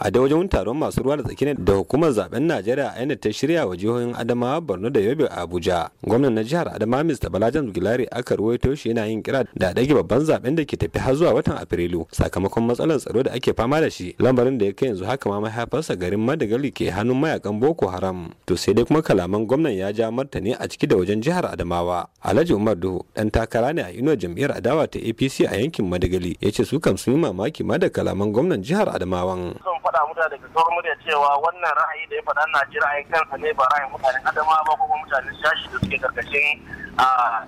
a da wajen taron masu ruwa da tsaki da hukumar zaben najeriya a ta shirya wa jihohin adamawa borno da yobe a abuja gwamnan na jihar adamawa Bala balajan gilari aka ruwaito shi yana yin kira da dage babban zaben da ke tafi har zuwa watan afrilu sakamakon matsalar tsaro da ake fama da shi lambarin da ya kai yanzu haka ma mahaifarsa garin madagali ke hannun mayakan boko haram to sai dai kuma kalaman gwamnan ya ja martani a ciki da wajen jihar adamawa alhaji umar duhu dan takara ne a inuwar jam'iyyar adawa ta apc a yankin madagali ya ce su kam sun yi mamaki ma da kalaman gwamnan jihar adamawan faɗa muta daga sauran murya cewa wannan ra'ayi da ya faɗa na ji ra'ayin kansa ne ba ra'ayin mutanen adama ba ko mutanen shashi da suke karkashin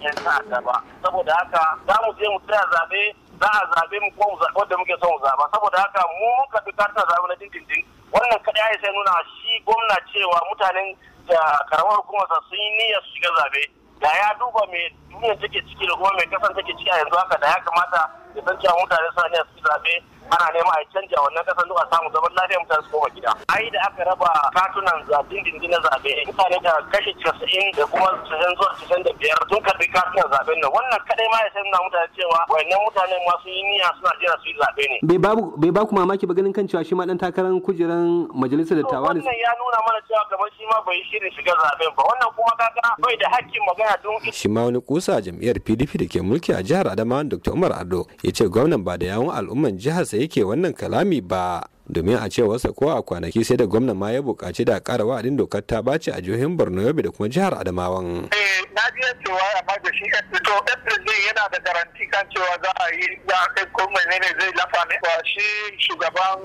yan ta'adda ba saboda haka za mu je mu tsaya zaɓe za a zaɓe mu ko wanda muke son mu zaɓa saboda haka mu muka fi karta zaɓe na dindindin wannan kaɗai ya sai nuna shi gwamna cewa mutanen da karamar hukumarsa sun yi niyyar su shiga zaɓe da ya duba mai duniya take ciki da kuma mai kasan take ciki a yanzu haka da ya kamata ya san cewa mutane suna ne su zaɓe ana nema a canja wannan kasar a samu zaman lafiya mutane su koma gida ai da aka raba katunan zaɓen dindin na zaɓe mutane da kashi casa'in da kuma casa'in zuwa casa'in da biyar sun karɓi katunan zaɓen nan wannan kadai ma ya san na mutane cewa wayannan mutane masu yi niyya suna jira su yi zaɓe ne. bai ba ku mamaki ba ganin kan cewa shi ma ɗan takarar kujeran majalisar dattawa ne. wannan ya nuna mana cewa kamar shi ma bai shirin shiga zaɓen ba wannan kuma kaga bai da hakkin magana don. shi ma wani kusa jam'iyyar pdp da ke mulki a jihar adamawa dr umar ado ya ce gwamnan ba da yawon al'umman jiharsa yake wannan kalami ba domin a cewarsa kowa a kwanaki sai da gwamnan ma ya buƙaci da ƙara wa'adin dokar ta bace a jihohin borno yobe da kuma jihar adamawan. Eh, na ji cewa amma da shi fito april din yana da garanti kan cewa za a yi kai ko ne zai lafa ne ba shi shugaban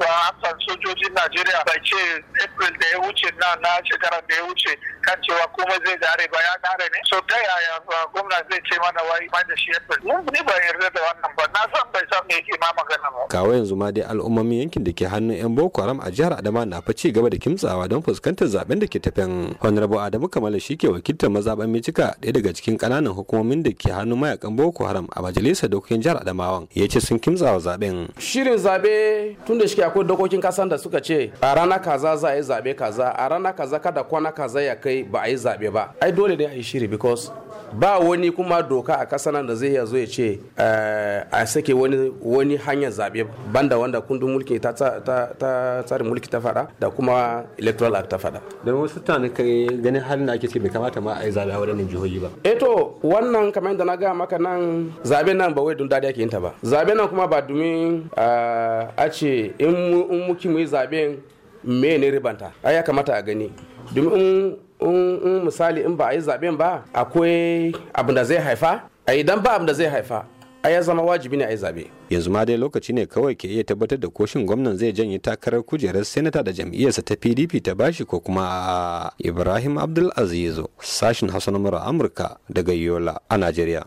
ba eh, hamsan sojojin najeriya bai ce april da ya wuce na na shekarar da ya wuce kan cewa kuma zai gare ba ya dare ne so ta yaya gwamna zai ce mana wai ma da shi april ni ba yarda da wannan ba na san bai san me yake ma magana ba kawai yanzu ma dai al'ummomin yankin da ke hannun yan boko haram a jihar adama na fa ci gaba da kimtsawa don fuskantar zaben da ke tafen honorable adamu kamala shi ke wakiltar mazaɓen mitika ɗaya daga cikin ƙananan hukumomin da ke hannun mayakan boko haram a majalisar dokokin jihar adamawan ya ce sun kimtsa wa zaben shirin zaɓe tun da shike akwai dokokin kasan da suka ce a rana kaza za a yi zabe kaza a rana kaza kada kwana kaza ya kai ba a yi zaɓe ba ai dole ne a yi shiri because ba wani kuma doka a ƙasa nan da zai iya ya ce eh, a sake wani hanyar zaɓe banda wanda kundin mulki ta tsarin mulki ta fada. da kuma electoral act ta fada. da wasu tani kai ganin halin da ake ce bai kamata ma a yi zaɓe a wadannan jihohi ba. eh to wannan kamar yadda na ga maka nan zaɓe nan ba wai dun dadi ake yin ta ba zaɓe nan kuma ba domin eh, a ce in muki mu yi zaɓen me ne ribanta ai ya kamata a gani domin in misali in ba a yi zaben ba akwai abin da zai haifa a idan ba abin da zai haifa a ya zama wajibi ne a yi zabe yanzu ma dai lokaci ne kawai ke iya tabbatar da koshin gwamnan zai janye takarar kujerar senata da jam'iyyarsa ta pdp ta bashi ko kuma ibrahim abdulaziz sashin hausa na amurka daga yola a najeriya